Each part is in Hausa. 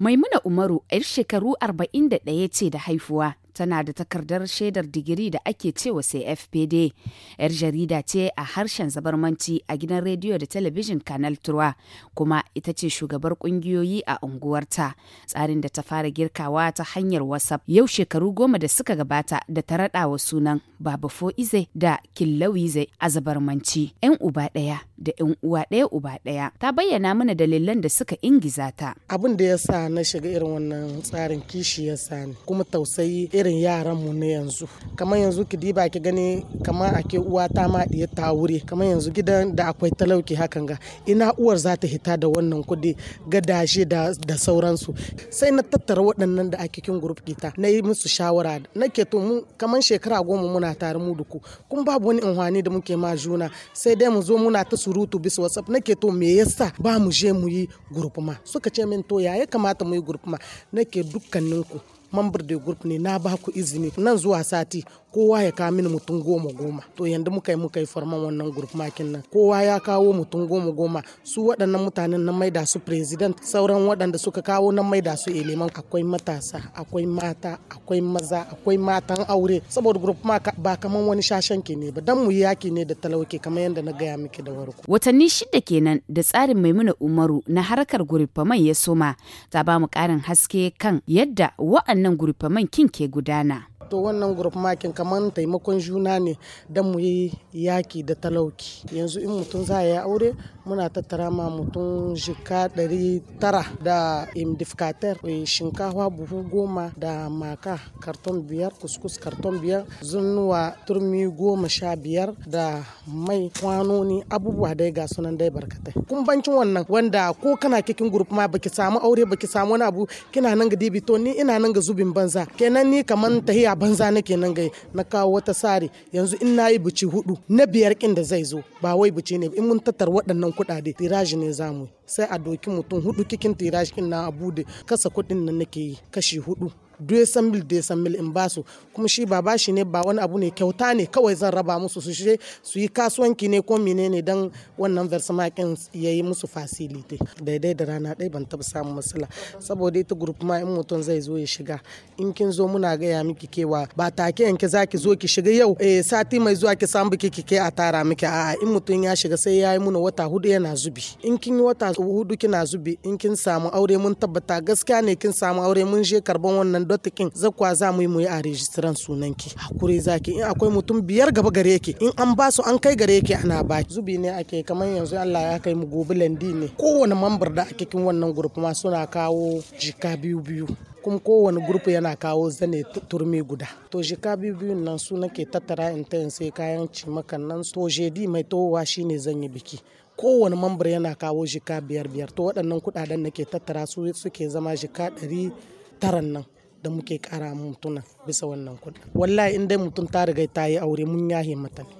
Maimuna Umaru 'yar shekaru 41 ce da haifuwa tana da takardar shaidar digiri da ake cewa sai fpd yar jarida ce a harshen zabarmanci a gidan rediyo da talabijin kanal turwa kuma ita ce shugabar kungiyoyi a unguwarta tsarin da ta fara girkawa ta hanyar whatsapp yau shekaru goma da suka gabata da ta wa sunan fo ize da killawize a zabarmanci yan uba ɗaya da yan uwa ɗaya uba ɗaya ta bayyana mana dalilan da suka ingiza ta abin da ya sa na shiga irin wannan tsarin kishi ya sa kuma tausayi irin irin mu na yanzu kamar yanzu ki diba ki gani kamar ake uwa ta ma ta wuri kamar yanzu gidan da akwai talauki hakan ga ina uwar za ta hita da wannan kudi gadashe da da sauransu sai na tattara waɗannan da ake kin group kita na yi musu shawara na ke to mu kamar shekara goma muna tare mu duku kun babu wani inhwani da muke ma juna sai dai mu zo muna ta surutu bisa whatsapp ke to me yasa ba mu je mu yi group ma suka ce min to ya kamata mu yi group ma na ke dukkaninku mambar da group ne na ba izini nan zuwa sati kowa ya kawo mini mutum goma goma to yanda muka yi muka yi farman wannan group makin nan kowa ya kawo mutum goma goma su waɗannan mutanen na maida su president sauran waɗanda suka kawo na maida su eleman akwai matasa akwai mata akwai maza akwai matan aure saboda group ma ba kaman wani ke ne ba dan mu yaki ne da talauke kamar yanda na gaya miki da warko watanni shida kenan da tsarin maimuna umaru na harkar gurfaman ya soma ta ba mu karin haske kan yadda wa'annan gurfaman kin ke gudana To wannan group makin kaman taimakon juna ne don mu yi yaki da talauki Yanzu in mutum za ya yi aure muna tattara ma mutum jika 900 tara da imdifkater, eh, shinkafa buhu goma da maka karton biyar, kuskus karton biyar, zunnuwa turmi goma sha biyar da mai kwanoni abubuwa dai ga sunan dai barkatai. Kumbancin wannan wanda ko kana kikin group ma baki samu aure baki samu wani abu kina nan ga dibito ni ina nan ga zubin banza kenan ni kaman tahiya banza nake nan gai na kawo wata sari yanzu in yi bici hudu na biyar kin da zai zo ba wai bici ne in mun tattar waɗannan kuɗaɗe tiraji ne zamu sai a doki mutum hudu kikin tiraji kin na abu da kasa kuɗin nan nake yi kashi hudu 200 mil in ba su kuma shi ba bashi ne ba wani abu ne kyauta ne kawai zan raba musu su shi su yi kasuwanki ne ko ne don wannan versamakin ya yi musu fasilite daidai da rana ɗaya ban taɓa samun matsala saboda ita group ma in mutum zai zo ya shiga in kin zo muna gaya miki kewa ba take yanke za ki zo ki shiga yau eh sati mai zuwa ki samu biki ki a tara miki a'a in mutum ya shiga sai ya yi muna wata hudu yana zubi in kin yi wata hudu kina zubi in kin samu aure mun tabbata gaskiya ne kin samu aure mun je karban wannan dotta kin zakwa za mu yi mu a rejistiran sunan ki hakuri zaki in akwai mutum biyar gaba gare ki in an ba su an kai gare ki ana ba zubi ne ake kamar yanzu Allah ya kai mu gobe landi ne kowane mambar da ake kin wannan group ma suna kawo jika biyu biyu kuma kowane gurfi yana kawo zane turmi guda to jika biyu biyu nan su nake tattara in ta ya sai kayan cimakan nan to jedi mai towa shine zan yi biki kowane mambar yana kawo jika biyar biyar to waɗannan kuɗaɗen nake tattara su suke zama jika ɗari taran nan da muke kara mutuna bisa wannan kuɗi Wallahi in dai mutum ta riga ta yi aure mun yahe mata ne.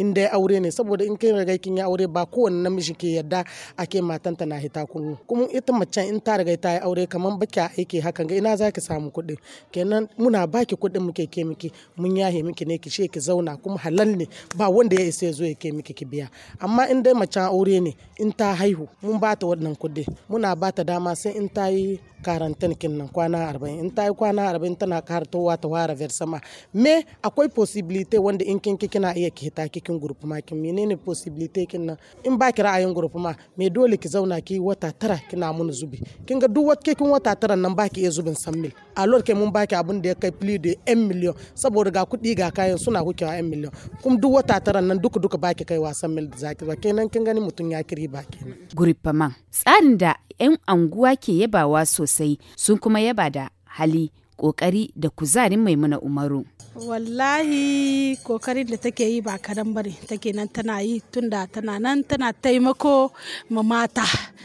in dai aure ne saboda in kai riga kin yi aure ba kowane namiji ke yadda ake matanta na hita kunu kuma ita mace in ta riga ta yi aure kaman baki aiki hakan ga ina zaki samu kuɗi kenan muna baki kuɗin muke ke miki mun yahe miki ne ki she ki zauna kuma halal ne ba wanda ya isa ya zo ya ke miki ki biya amma in dai macen aure ne in ta haihu mun ba ta wannan kuɗi muna ba ta dama sai in ta yi karantin nan kwana arba'in in ta yi kwana arba'in tana kartowa ta ware versama me akwai possibility wanda in kin kina iya ki hita kiki cikin gurfuma kin menene possibility kin nan in ba ki ra'ayin gurfuma ma me dole ki zauna ki wata tara kina mun zubi kin ga duk wata kin wata tara nan ba ki iya zubin san mil a lord kai mun baki abin da ya kai plea da 'yan miliyon saboda ga kuɗi ga kayan suna kukewa 'yan miliyon kuma duk wata tara nan duka duka baki kai wa san mil da zaki ba kenan kin gani mutum ya kiri ba kenan. gurfuma tsarin da 'yan anguwa ke yabawa sosai sun kuma yaba da hali kokari da kuzarin maimuna umaru wallahi kokarin da take yi ba kadan bari take nan tana yi tunda tana nan tana taimako ma mata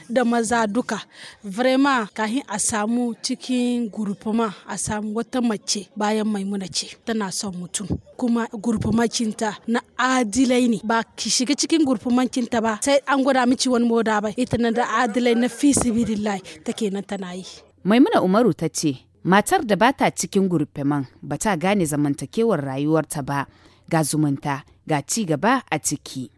da maza duka vrema kahin a samu cikin gurfuma a samu wata mace bayan maimuna ce tana son mutum kuma gurfumacinta na adilai ne ba ki shiga cikin gurfumacinta ba sai an gwada miki wani moda ba ita na da adilai na fi sibidillahi take nan tana yi maimuna umaru ta ce Matar da ba ta cikin gurfeman ba ta gane zamantakewar rayuwarta ba, ga zumunta, ga ci gaba a ciki.